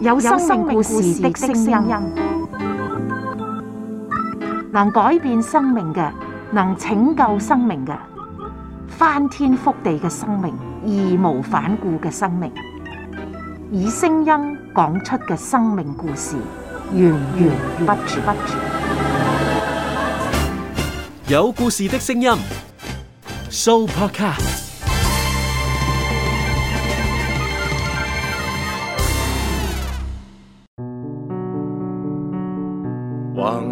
有生命故事的聲音，能改變生命嘅，能拯救生命嘅，翻天覆地嘅生命，義無反顧嘅生命，以聲音講出嘅生命故事，源源不絕。有故事的聲音，Soul Podcast。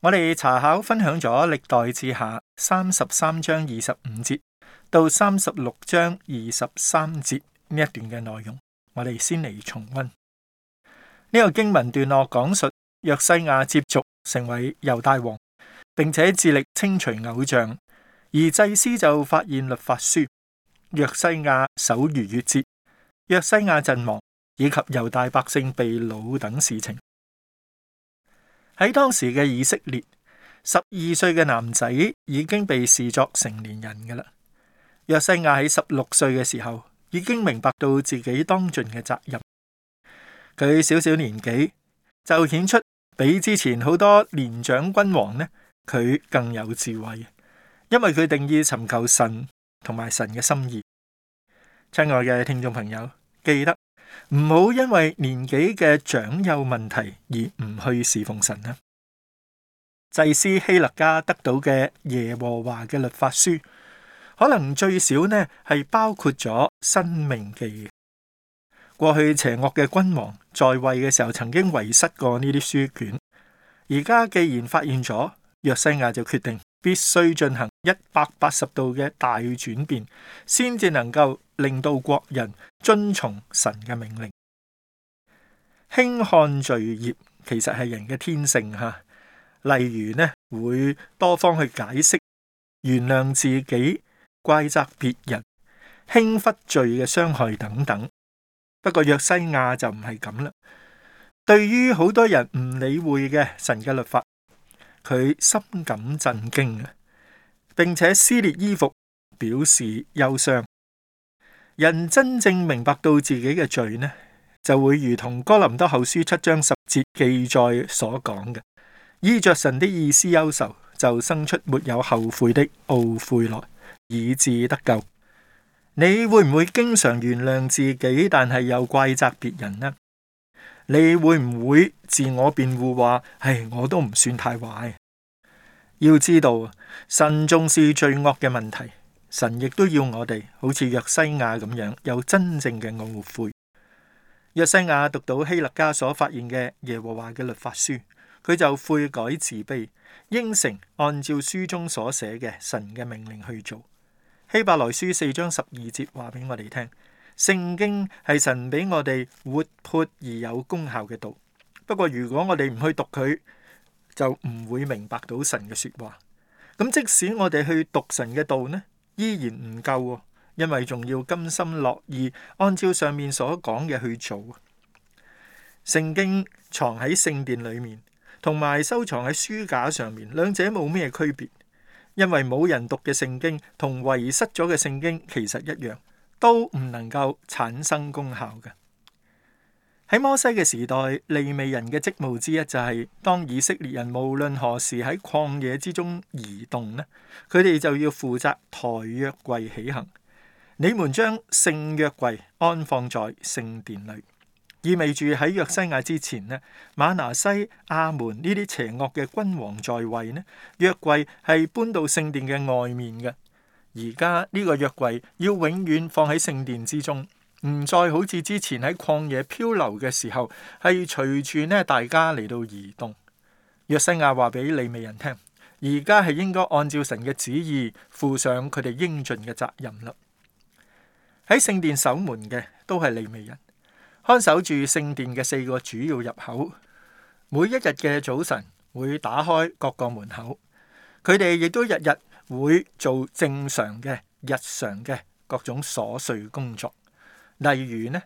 我哋查考分享咗歷代志下三十三章二十五節到三十六章二十三節呢一段嘅內容，我哋先嚟重溫呢、這個經文段落，講述約西亞接續成為猶大王，並且致力清除偶像，而祭司就發現律法書。約西亞守逾越節，約西亞陣亡，以及猶大百姓被擄等事情。喺當時嘅以色列，十二歲嘅男仔已經被視作成年人噶啦。約西亞喺十六歲嘅時候，已經明白到自己當盡嘅責任。佢小小年紀就顯出比之前好多年長君王呢，佢更有智慧。因為佢定意尋求神同埋神嘅心意。親愛嘅聽眾朋友，記得。唔好因為年紀嘅長幼問題而唔去侍奉神啦。祭司希勒家得到嘅耶和華嘅律法書，可能最少呢係包括咗申命記。過去邪惡嘅君王在位嘅時候，曾經遺失過呢啲書卷。而家既然發現咗，約西亞就決定必須進行。一百八十度嘅大轉變，先至能夠令到國人遵從神嘅命令。輕看罪孽其實係人嘅天性吓，例如呢會多方去解釋、原諒自己、怪責別人、輕忽罪嘅傷害等等。不過約西亞就唔係咁啦。對於好多人唔理會嘅神嘅律法，佢深感震驚啊！並且撕裂衣服表示憂傷。人真正明白到自己嘅罪呢，就會如同哥林多後書七章十節記載所講嘅：，依着神的意思憂愁，就生出沒有後悔的懊悔來，以致得救。你會唔會經常原諒自己，但係又怪責別人呢？你會唔會自我辯護話：，唉，我都唔算太壞？要知道，神重視罪惡嘅問題，神亦都要我哋好似約西亞咁樣有真正嘅懊悔。約西亞讀到希勒家所發現嘅耶和華嘅律法書，佢就悔改自卑，應承按照書中所寫嘅神嘅命令去做。希伯來書四章十二節話俾我哋聽，聖經係神俾我哋活潑而有功效嘅道。不過如果我哋唔去讀佢，就唔會明白到神嘅說話。咁即使我哋去讀神嘅道呢，依然唔夠喎、哦，因為仲要甘心樂意按照上面所講嘅去做。聖經藏喺聖殿裏面，同埋收藏喺書架上面，兩者冇咩區別，因為冇人讀嘅聖經同遺失咗嘅聖經其實一樣，都唔能夠產生功效嘅。喺摩西嘅時代，利未人嘅職務之一就係、是、當以色列人無論何時喺曠野之中移動咧，佢哋就要負責抬約櫃起行。你們將聖約櫃安放在聖殿裏，意味住喺約西亞之前咧，馬拿西亞門呢啲邪惡嘅君王在位呢，約櫃係搬到聖殿嘅外面嘅。而家呢個約櫃要永遠放喺聖殿之中。唔再好似之前喺曠野漂流嘅時候，係隨住呢大家嚟到移動。約西亞話俾利未人聽，而家係應該按照神嘅旨意，負上佢哋應盡嘅責任啦。喺聖殿守門嘅都係利未人，看守住聖殿嘅四個主要入口，每一日嘅早晨會打開各個門口。佢哋亦都日日會做正常嘅日常嘅各種瑣碎工作。例如呢，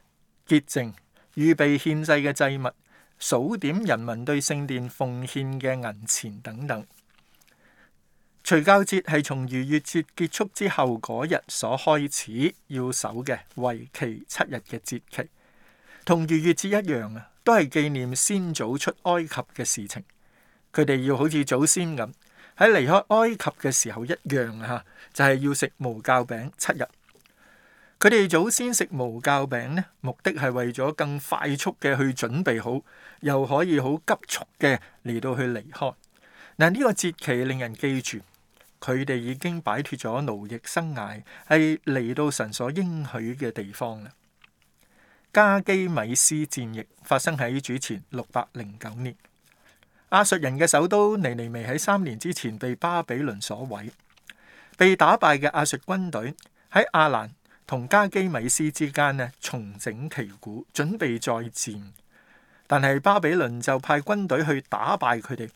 潔淨預備獻祭嘅祭物，數點人民對聖殿奉獻嘅銀錢等等。除酵節係從逾越節結束之後嗰日所開始要守嘅為期七日嘅節期，同逾越節一樣啊，都係紀念先祖出埃及嘅事情。佢哋要好似祖先咁喺離開埃及嘅時候一樣啊，就係要食無酵餅七日。佢哋祖先食無酵餅咧，目的係為咗更快速嘅去準備好，又可以好急速嘅嚟到去離開嗱。呢個節期令人記住，佢哋已經擺脫咗奴役生涯，係嚟到神所應許嘅地方啦。加基米斯戰役發生喺主前六百零九年，亞述人嘅首都尼尼微喺三年之前被巴比倫所毀，被打敗嘅亞述軍隊喺亞蘭同加基米斯之間呢，重整旗鼓，準備再戰。但係巴比倫就派軍隊去打敗佢哋，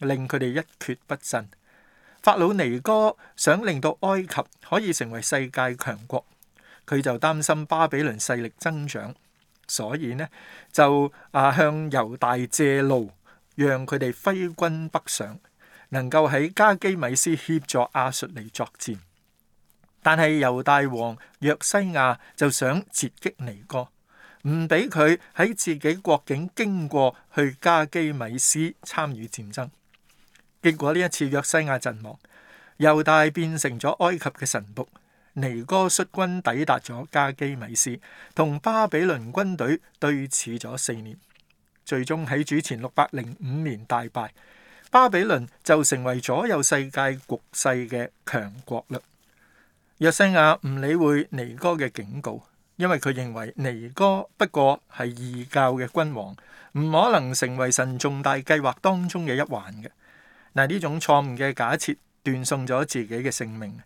令佢哋一蹶不振。法老尼哥想令到埃及可以成為世界強國，佢就擔心巴比倫勢力增長，所以呢，就啊向猶大借路，讓佢哋揮軍北上，能夠喺加基米斯協助亞述嚟作戰。但係，猶大王約西亞就想截擊尼哥，唔俾佢喺自己國境經過去，去加基米斯參與戰爭。結果呢一次，約西亞陣亡，猶大變成咗埃及嘅神僕。尼哥率軍抵達咗加基米斯，同巴比倫軍隊對峙咗四年，最終喺主前六百零五年大敗，巴比倫就成為咗左右世界局勢嘅強國嘞。約西亞唔理會尼哥嘅警告，因為佢認為尼哥不過係異教嘅君王，唔可能成為神重大計劃當中嘅一環嘅。嗱，呢種錯誤嘅假設斷送咗自己嘅性命。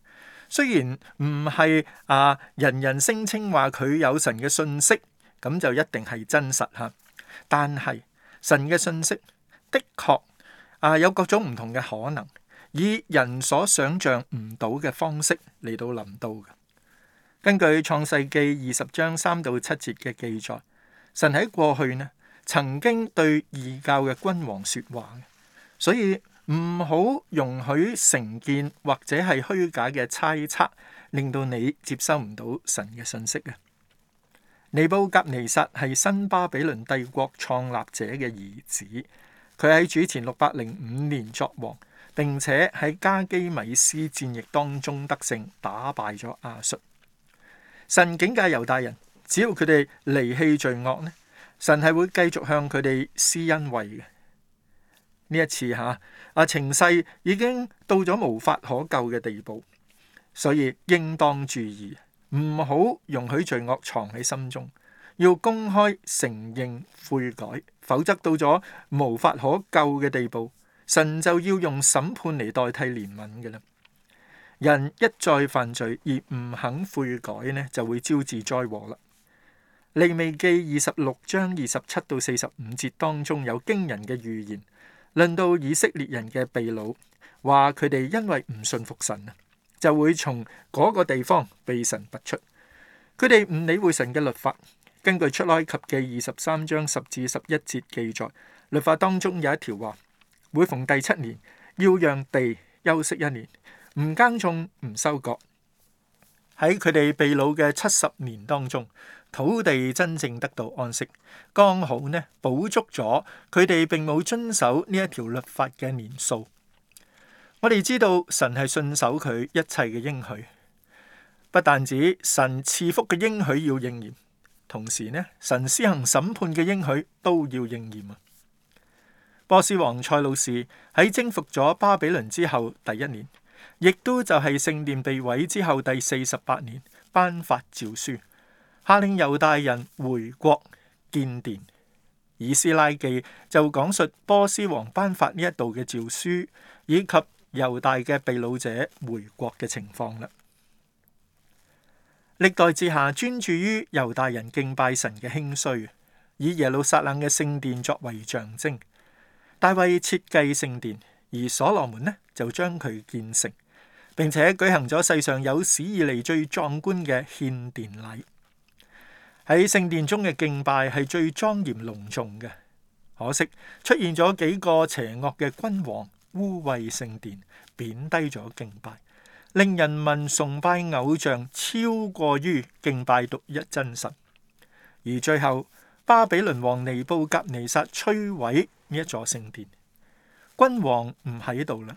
雖然唔係啊，人人聲稱話佢有神嘅信息，咁就一定係真實吓。但係神嘅信息的確啊，有各種唔同嘅可能。以人所想象唔到嘅方式嚟到臨到。根據創世記二十章三到七節嘅記載，神喺過去呢曾經對異教嘅君王說話，所以唔好容許成見或者係虛假嘅猜測，令到你接收唔到神嘅信息嘅。尼布甲尼撒係新巴比倫帝國創立者嘅兒子，佢喺主前六百零五年作王。並且喺加基米斯戰役當中得勝，打敗咗亞述。神警戒猶大人，只要佢哋離棄罪惡呢，神係會繼續向佢哋施恩惠嘅。呢一次嚇，啊情勢已經到咗無法可救嘅地步，所以應當注意，唔好容許罪惡藏喺心中，要公開承認悔改，否則到咗無法可救嘅地步。神就要用審判嚟代替憐憫嘅啦。人一再犯罪而唔肯悔改呢，就會招致災禍啦。利未記二十六章二十七到四十五節當中有驚人嘅預言，論到以色列人嘅秘路，話佢哋因為唔信服神啊，就會從嗰個地方被神拔出。佢哋唔理會神嘅律法。根據出埃及記二十三章十至十一節記載，律法當中有一條話。每逢第七年，要讓地休息一年，唔耕種、唔收割，喺佢哋被擄嘅七十年當中，土地真正得到安息，剛好呢補足咗佢哋並冇遵守呢一條律法嘅年數。我哋知道神係信守佢一切嘅應許，不但止神賜福嘅應許要應驗，同時呢神施行審判嘅應許都要應驗啊！波斯王塞魯士喺征服咗巴比倫之後第一年，亦都就係聖殿被毀之後第四十八年頒發詔書，下令猶大人回國建殿。以斯拉記就講述波斯王頒發呢一道嘅詔書，以及猶大嘅被擄者回國嘅情況啦。歷代志下專注於猶大人敬拜神嘅興衰，以耶路撒冷嘅聖殿作為象徵。大衛設計聖殿，而所羅門呢，就將佢建成，並且舉行咗世上有史以嚟最壯觀嘅獻殿禮。喺聖殿中嘅敬拜係最莊嚴隆重嘅。可惜出現咗幾個邪惡嘅君王，污穢聖殿，貶低咗敬拜，令人民崇拜偶像超過於敬拜獨一真神。而最後。巴比倫王尼布甲尼撒摧毀呢一座聖殿，君王唔喺度啦，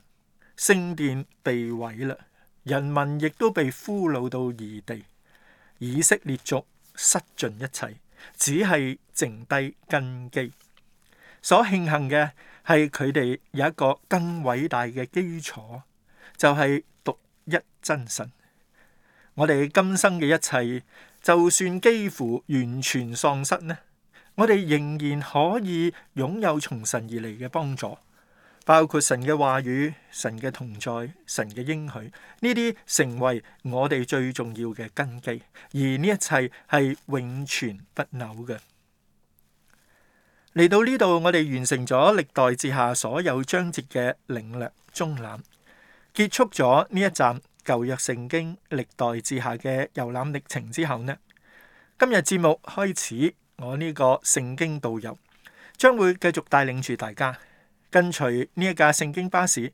聖殿被毀啦，人民亦都被俘虜到異地，以色列族失盡一切，只係剩低根基。所慶幸嘅係佢哋有一個更偉大嘅基礎，就係、是、獨一真神。我哋今生嘅一切，就算幾乎完全喪失呢？我哋仍然可以擁有從神而嚟嘅幫助，包括神嘅話語、神嘅同在、神嘅應許，呢啲成為我哋最重要嘅根基。而呢一切係永存不朽嘅。嚟到呢度，我哋完成咗歷代志下所有章節嘅領略、終覽，結束咗呢一站舊約聖經歷代志下嘅遊覽歷程之後呢，今日節目開始。我呢個聖經導遊將會繼續帶領住大家跟隨呢一架聖經巴士，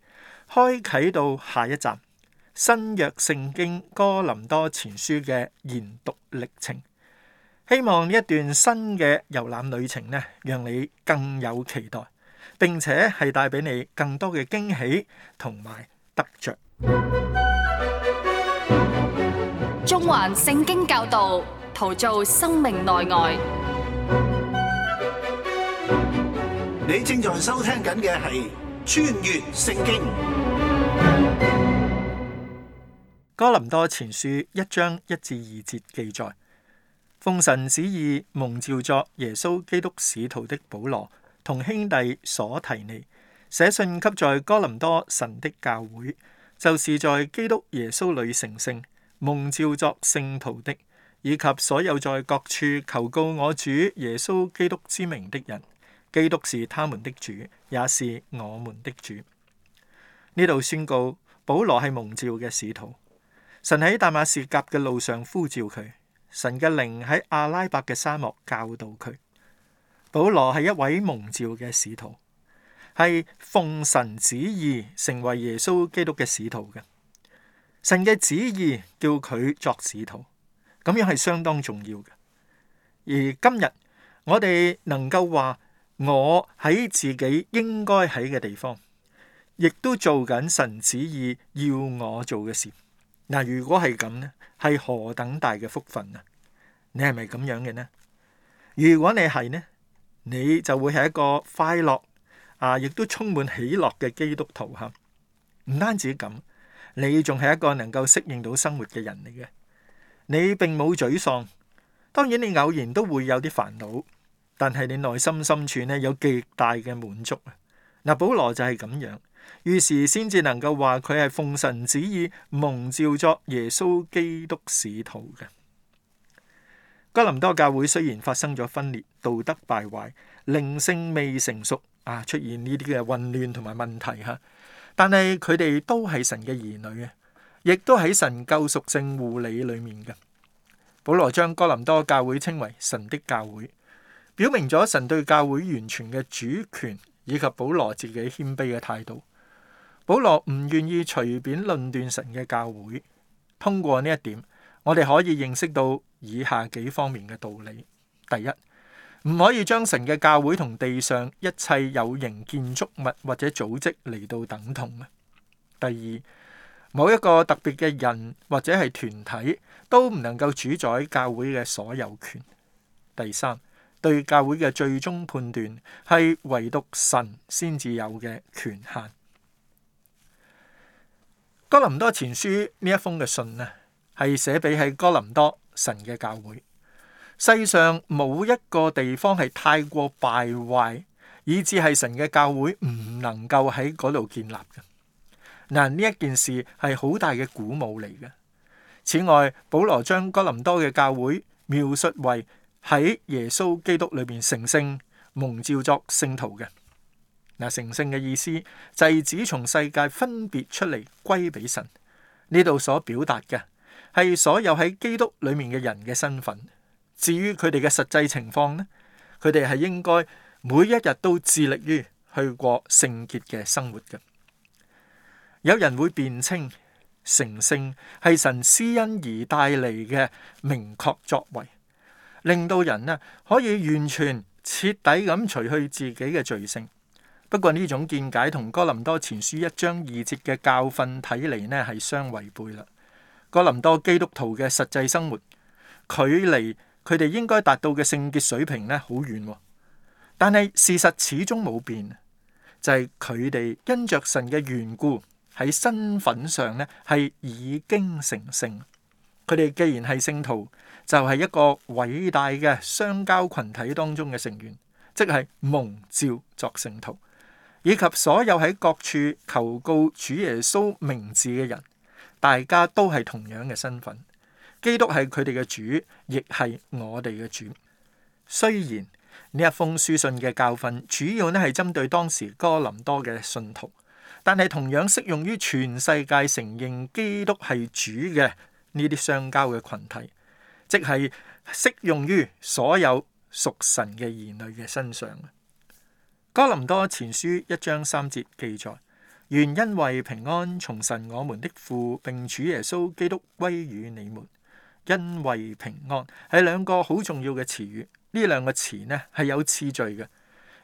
開啟到下一站新約聖經哥林多前書嘅研讀歷程。希望呢一段新嘅遊覽旅程呢，讓你更有期待，並且係帶俾你更多嘅驚喜同埋得着。中環聖經教導，陶造生命內外。你正在收聽緊嘅係《穿越聖經》。哥林多前書一章一至二節記載：奉神旨意蒙召作耶穌基督使徒的保羅，同兄弟所提尼，寫信給在哥林多神的教會，就是在基督耶穌裏成聖、蒙召作聖徒的，以及所有在各處求告我主耶穌基督之名的人。基督是他們的主，也是我們的主。呢度宣告保羅係蒙召嘅使徒，神喺大馬士革嘅路上呼召佢，神嘅靈喺阿拉伯嘅沙漠教導佢。保羅係一位蒙召嘅使徒，係奉神旨意成為耶穌基督嘅使徒嘅。神嘅旨意叫佢作使徒，咁樣係相當重要嘅。而今日我哋能夠話，我喺自己應該喺嘅地方，亦都做緊神旨意要我做嘅事。嗱，如果係咁咧，係何等大嘅福分啊！你係咪咁樣嘅呢？如果你係呢，你就會係一個快樂啊，亦都充滿喜樂嘅基督徒吓。唔單止咁，你仲係一個能夠適應到生活嘅人嚟嘅。你並冇沮喪，當然你偶然都會有啲煩惱。但係你內心深處呢，有極大嘅滿足。嗱，保羅就係咁樣，於是先至能夠話佢係奉神旨意蒙召作耶穌基督使徒嘅。哥林多教會雖然發生咗分裂，道德敗壞，靈性未成熟啊，出現呢啲嘅混亂同埋問題吓，但係佢哋都係神嘅兒女嘅，亦都喺神救贖性護理裏面嘅。保羅將哥林多教會稱為神的教會，表明咗神對教會完全嘅主權，以及保羅自己謙卑嘅態度。保羅唔願意隨便論斷神嘅教會。通過呢一點，我哋可以認識到以下幾方面嘅道理：第一，唔可以將神嘅教會同地上一切有形建築物或者組織嚟到等同；第二，某一個特別嘅人或者係團體都唔能夠主宰教會嘅所有權；第三。對教會嘅最終判斷係唯獨神先至有嘅權限。哥林多前書呢一封嘅信呢，係寫俾喺哥林多神嘅教會。世上冇一個地方係太過敗壞，以致係神嘅教會唔能夠喺嗰度建立嘅。嗱，呢一件事係好大嘅鼓舞嚟嘅。此外，保羅將哥林多嘅教會描述為。喺耶穌基督裏邊成聖蒙召作聖徒嘅。嗱，成聖嘅意思就係指從世界分別出嚟歸俾神。呢度所表達嘅係所有喺基督裏面嘅人嘅身份。至於佢哋嘅實際情況呢，佢哋係應該每一日都致力於去過聖潔嘅生活嘅。有人會辯稱成聖係神施恩而帶嚟嘅明確作為，令到人呢可以完全徹底咁除去自己嘅罪性。不過呢種見解同哥林多前書一章二節嘅教訓睇嚟呢係相違背啦。哥林多基督徒嘅實際生活，距離佢哋應該達到嘅聖潔水平呢好遠。但係事實始終冇變，就係佢哋因着神嘅緣故，喺身份上呢係已經成聖。佢哋既然係聖徒，就係、是、一個偉大嘅相交群體當中嘅成員，即係蒙召作聖徒，以及所有喺各處求告主耶穌名字嘅人，大家都係同樣嘅身份。基督係佢哋嘅主，亦係我哋嘅主。雖然呢一封書信嘅教訓主要呢係針對當時哥林多嘅信徒，但係同樣適用於全世界承認基督係主嘅。呢啲相交嘅群體，即係適用於所有屬神嘅兒女嘅身上。哥林多前書一章三節記載：願恩惠、平安從神我們的父，並主耶穌基督歸與你們。恩惠平安係兩個好重要嘅詞語，呢兩個詞呢係有次序嘅。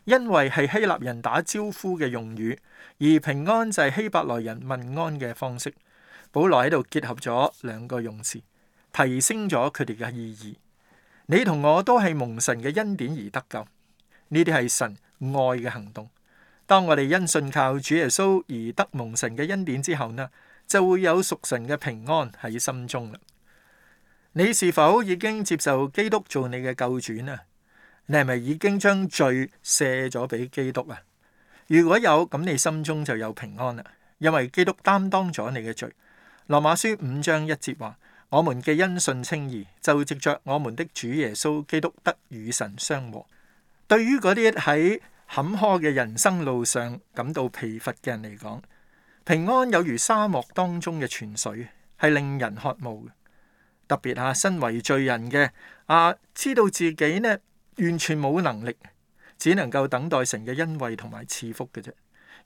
恩惠係希臘人打招呼嘅用語，而平安就係希伯來人問安嘅方式。保羅喺度結合咗兩個用詞，提升咗佢哋嘅意義。你同我都係蒙神嘅恩典而得救，呢啲係神愛嘅行動。當我哋因信靠主耶穌而得蒙神嘅恩典之後呢，就會有屬神嘅平安喺心中啦。你是否已經接受基督做你嘅救主呢？你係咪已經將罪卸咗俾基督啊？如果有，咁你心中就有平安啦，因為基督擔當咗你嘅罪。羅馬書五章一節話：我們嘅因信稱義，就藉着我們的主耶穌基督得與神相和。對於嗰啲喺坎坷嘅人生路上感到疲乏嘅人嚟講，平安有如沙漠當中嘅泉水，係令人渴慕嘅。特別啊，身為罪人嘅啊，知道自己呢完全冇能力，只能夠等待神嘅恩惠同埋賜福嘅啫。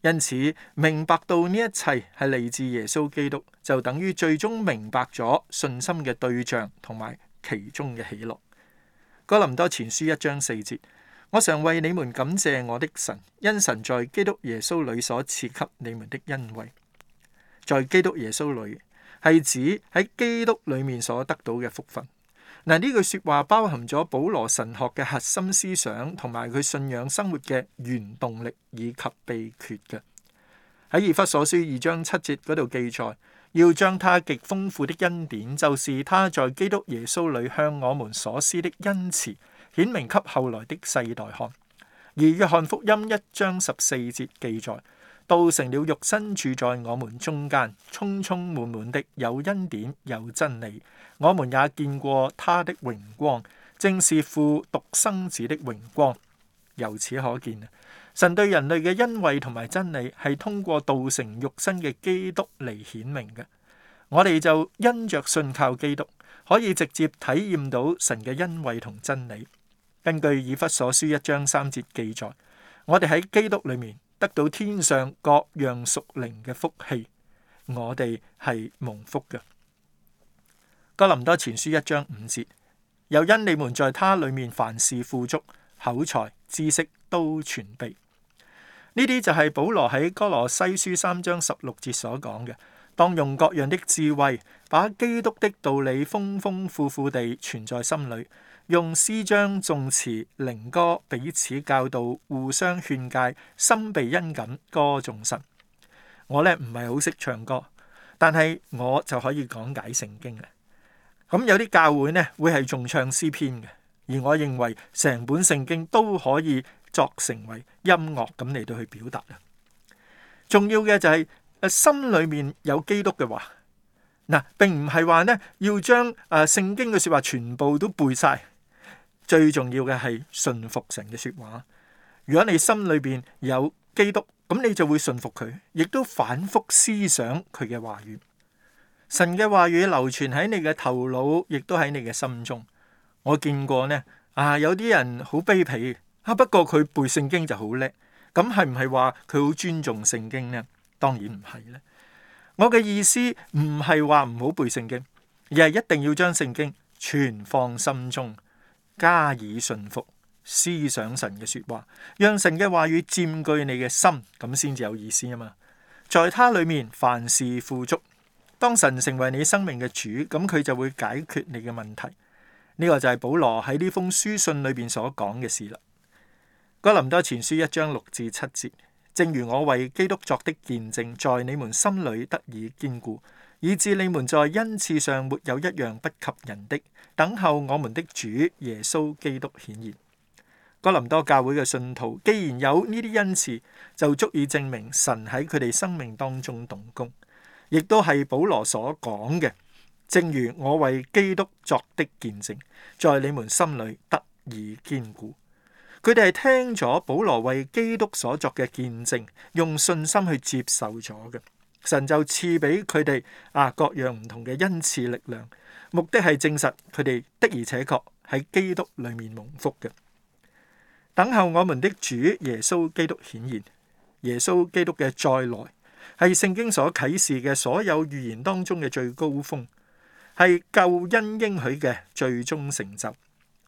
因此明白到呢一切係嚟自耶穌基督，就等於最終明白咗信心嘅對象同埋其中嘅喜樂。哥林多前書一章四節，我常為你們感謝我的神，因神在基督耶穌裏所賜給你們的恩惠，在基督耶穌裏係指喺基督裏面所得到嘅福分。嗱，呢句説話包含咗保羅神學嘅核心思想，同埋佢信仰生活嘅原動力以及秘訣嘅。喺以弗所書二章七節嗰度記載，要將他極豐富的恩典，就是他在基督耶穌裏向我們所施的恩慈，顯明給後來的世代看。而約翰福音一章十四節記載，道成了肉身，住在我們中間，充充滿滿的有恩典，有真理。我們也見過他的榮光，正是父獨生子的榮光。由此可見，神對人類嘅恩惠同埋真理，係通過道成肉身嘅基督嚟顯明嘅。我哋就因着信靠基督，可以直接體驗到神嘅恩惠同真理。根據以弗所書一章三節記載，我哋喺基督裏面。得到天上各樣屬靈嘅福氣，我哋係蒙福嘅。哥林多前書一章五節，又因你們在他裡面凡事富足，口才、知識都全備。呢啲就係保羅喺哥羅西書三章十六節所講嘅，當用各樣的智慧，把基督的道理豐豐富富地存在心裡。用詩章、頌詞、靈歌彼此教導、互相勸誡，心被恩感，歌頌神。我咧唔係好識唱歌，但係我就可以講解聖經嘅。咁有啲教會呢會係重唱詩篇嘅，而我認為成本聖經都可以作成為音樂咁嚟到去表達啦。重要嘅就係誒心裏面有基督嘅話，嗱、呃，並唔係話呢要將誒、呃、聖經嘅說話全部都背晒。最重要嘅係信服神嘅說話。如果你心裏面有基督，咁你就會信服佢，亦都反覆思想佢嘅話語。神嘅話語流傳喺你嘅頭腦，亦都喺你嘅心中。我見過呢，啊，有啲人好卑鄙啊，不過佢背聖經就好叻。咁係唔係話佢好尊重聖經呢？當然唔係咧。我嘅意思唔係話唔好背聖經，而係一定要將聖經存放心中。加以信服，思想神嘅說話，讓神嘅話語佔據你嘅心，咁先至有意思啊嘛！在祂裏面，凡事富足。當神成為你生命嘅主，咁佢就會解決你嘅問題。呢、這個就係保羅喺呢封書信裏邊所講嘅事啦。哥林多前書一章六至七節，正如我為基督作的見證，在你們心裏得以堅固。以致你們在恩賜上沒有一樣不及人的，等候我們的主耶穌基督顯現。哥林多教會嘅信徒既然有呢啲恩賜，就足以證明神喺佢哋生命當中動工，亦都係保羅所講嘅。正如我為基督作的見證，在你們心裡得以堅固，佢哋係聽咗保羅為基督所作嘅見證，用信心去接受咗嘅。神就賜俾佢哋啊，各樣唔同嘅恩賜力量，目的係證實佢哋的而且確喺基督裏面蒙福嘅。等候我們的主耶穌基督顯現，耶穌基督嘅再來，係聖經所啟示嘅所有預言當中嘅最高峰，係救恩應許嘅最終成就。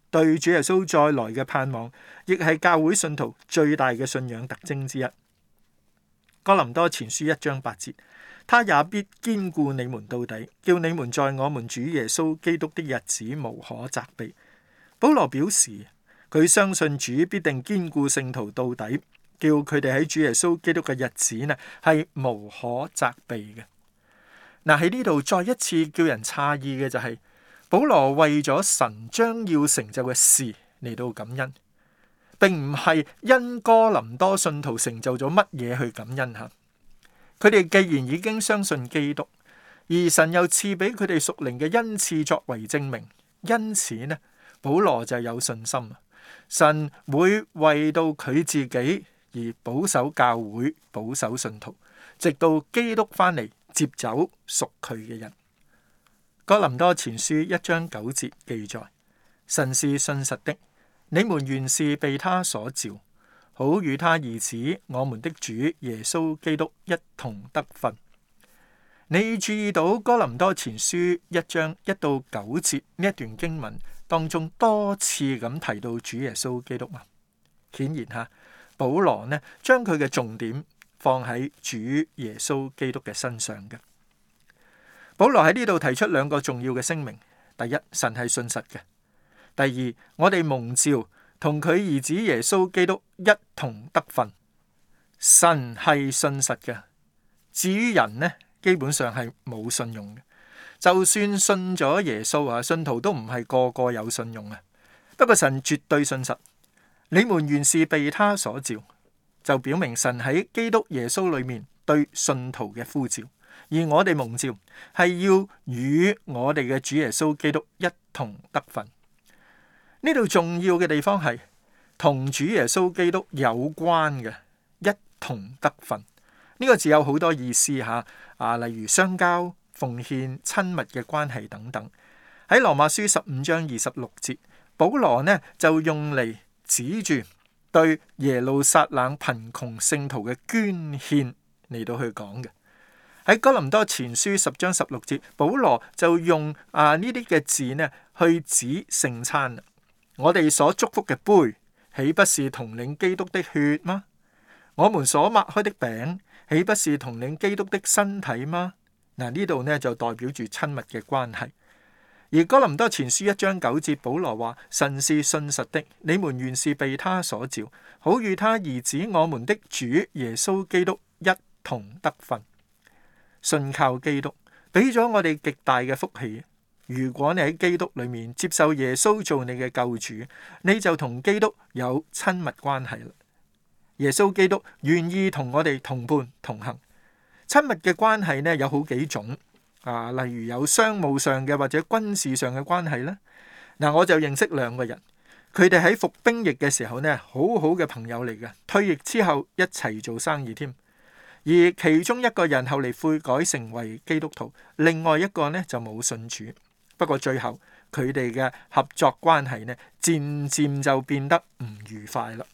對主耶穌再來嘅盼望，亦係教會信徒最大嘅信仰特徵之一。哥林多前書一章八節，他也必堅固你們到底，叫你們在我們主耶穌基督的日子無可責備。保羅表示佢相信主必定堅固聖徒到底，叫佢哋喺主耶穌基督嘅日子呢係無可責備嘅。嗱，喺呢度再一次叫人詫異嘅就係、是，保羅為咗神將要成就嘅事嚟到感恩。並唔係因哥林多信徒成就咗乜嘢去感恩吓，佢哋既然已經相信基督，而神又賜俾佢哋屬靈嘅恩賜作為證明，因此呢，保羅就有信心。神會為到佢自己而保守教會、保守信徒，直到基督翻嚟接走屬佢嘅人。哥林多前書一章九節記載：神是信實的。你們原是被他所召，好與他兒子我們的主耶穌基督一同得分。你注意到哥林多前書一章一到九節呢一段經文當中，多次咁提到主耶穌基督啊？顯然吓，保羅呢將佢嘅重點放喺主耶穌基督嘅身上嘅。保羅喺呢度提出兩個重要嘅聲明：第一，神係信實嘅。第二，我哋蒙召同佢兒子耶穌基督一同得份。神係信實嘅，至於人呢，基本上係冇信用嘅。就算信咗耶穌啊，信徒都唔係個個有信用嘅。不過神絕對信實，你們原是被他所召，就表明神喺基督耶穌裏面對信徒嘅呼召。而我哋蒙召係要與我哋嘅主耶穌基督一同得份。呢度重要嘅地方係同主耶穌基督有關嘅，一同得份。呢個字有好多意思吓，啊，例如相交、奉獻、親密嘅關係等等。喺羅馬書十五章二十六節，保羅呢就用嚟，指住對耶路撒冷貧窮聖徒嘅捐獻嚟到去講嘅。喺哥林多前書十章十六節，保羅就用啊呢啲嘅字呢去指聖餐。我哋所祝福嘅杯，豈不是同領基督的血嗎？我們所擘開的餅，豈不是同領基督的身體嗎？嗱，呢度呢，就代表住親密嘅關係。而哥林多前書一章九節，保羅話：神是信實的，你們原是被他所召，好與他兒子我們的主耶穌基督一同得分。信靠基督，俾咗我哋極大嘅福氣。如果你喺基督裏面接受耶穌做你嘅救主，你就同基督有親密關係啦。耶穌基督願意同我哋同伴同行。親密嘅關係呢，有好幾種啊，例如有商務上嘅或者軍事上嘅關係啦。嗱、啊，我就認識兩個人，佢哋喺服兵役嘅時候呢，好好嘅朋友嚟嘅，退役之後一齊做生意添。而其中一個人後嚟悔改成為基督徒，另外一個呢，就冇信主。不過最後佢哋嘅合作關係呢，漸漸就變得唔愉快啦。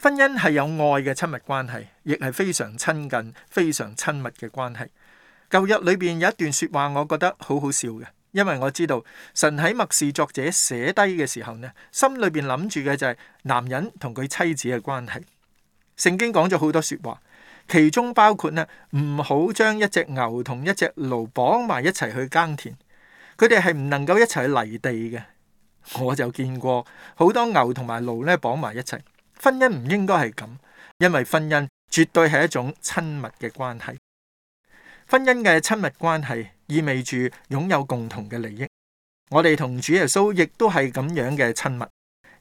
婚姻係有愛嘅親密關係，亦係非常親近、非常親密嘅關係。舊日裏邊有一段説話，我覺得好好笑嘅，因為我知道神喺默示作者寫低嘅時候呢，心裏邊諗住嘅就係男人同佢妻子嘅關係。聖經講咗好多説話。其中包括呢，唔好將一隻牛同一隻驢綁埋一齊去耕田，佢哋係唔能夠一齊去犁地嘅。我就見過好多牛同埋驢咧綁埋一齊，婚姻唔應該係咁，因為婚姻絕對係一種親密嘅關係。婚姻嘅親密關係意味住擁有共同嘅利益，我哋同主耶穌亦都係咁樣嘅親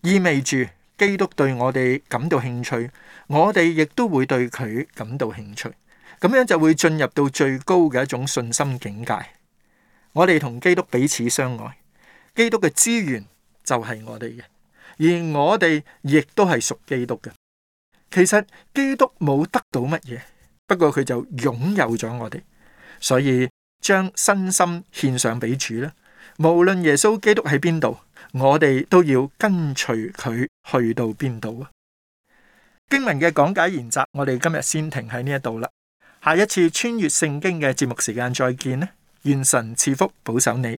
密，意味住。基督對我哋感到興趣，我哋亦都會對佢感到興趣，咁樣就會進入到最高嘅一種信心境界。我哋同基督彼此相愛，基督嘅資源就係我哋嘅，而我哋亦都係屬基督嘅。其實基督冇得到乜嘢，不過佢就擁有咗我哋，所以將身心獻上俾主啦，無論耶穌基督喺邊度。我哋都要跟隨佢去到邊度啊！經文嘅講解研習，我哋今日先停喺呢一度啦。下一次穿越聖經嘅節目時間再見咧，願神賜福保守你。